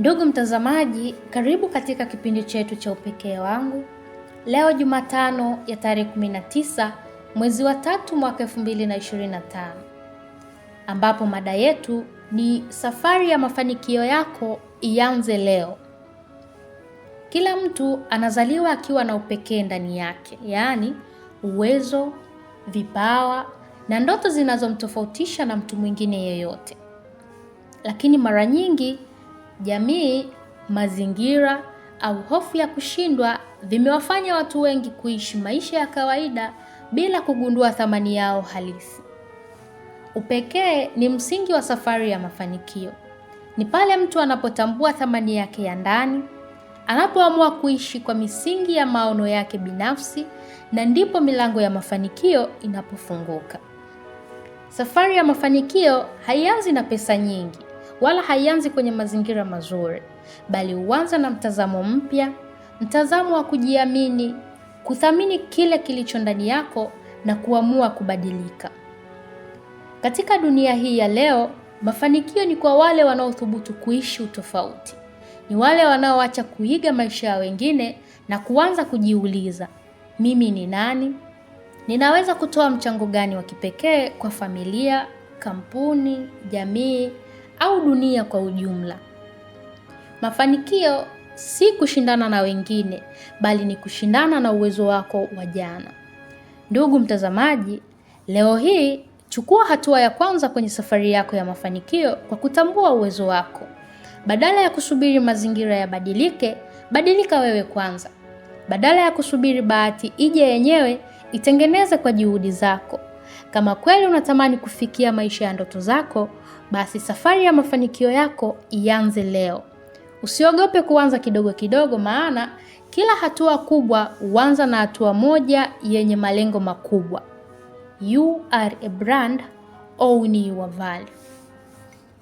Ndugu mtazamaji, karibu katika kipindi chetu cha Upekee wangu. Leo Jumatano ya tarehe 19 mwezi wa tatu mwaka 2025, ambapo mada yetu ni safari ya mafanikio yako ianze leo. Kila mtu anazaliwa akiwa na upekee ndani yake, yaani uwezo, vipawa na ndoto zinazomtofautisha na mtu mwingine yeyote, lakini mara nyingi jamii, mazingira au hofu ya kushindwa vimewafanya watu wengi kuishi maisha ya kawaida bila kugundua thamani yao halisi. Upekee ni msingi wa safari ya mafanikio. Ni pale mtu anapotambua thamani yake ya ndani, anapoamua kuishi kwa misingi ya maono yake binafsi, na ndipo milango ya mafanikio inapofunguka. Safari ya mafanikio haianzi na pesa nyingi, wala haianzi kwenye mazingira mazuri, bali huanza na mtazamo mpya, mtazamo wa kujiamini, kuthamini kile kilicho ndani yako na kuamua kubadilika. Katika dunia hii ya leo, mafanikio ni kwa wale wanaothubutu kuishi utofauti. Ni wale wanaoacha kuiga maisha ya wengine na kuanza kujiuliza, mimi ni nani? Ninaweza kutoa mchango gani wa kipekee kwa familia, kampuni, jamii au dunia kwa ujumla. Mafanikio si kushindana na wengine, bali ni kushindana na uwezo wako wa jana. Ndugu mtazamaji, leo hii chukua hatua ya kwanza kwenye safari yako ya mafanikio kwa kutambua uwezo wako. Badala ya kusubiri mazingira yabadilike, badilika wewe kwanza. Badala ya kusubiri bahati ije yenyewe, itengeneze kwa juhudi zako. Kama kweli unatamani kufikia maisha ya ndoto zako, basi safari ya mafanikio yako ianze leo. Usiogope kuanza kidogo kidogo, maana kila hatua kubwa huanza na hatua moja yenye malengo makubwa. You are a brand, own your value.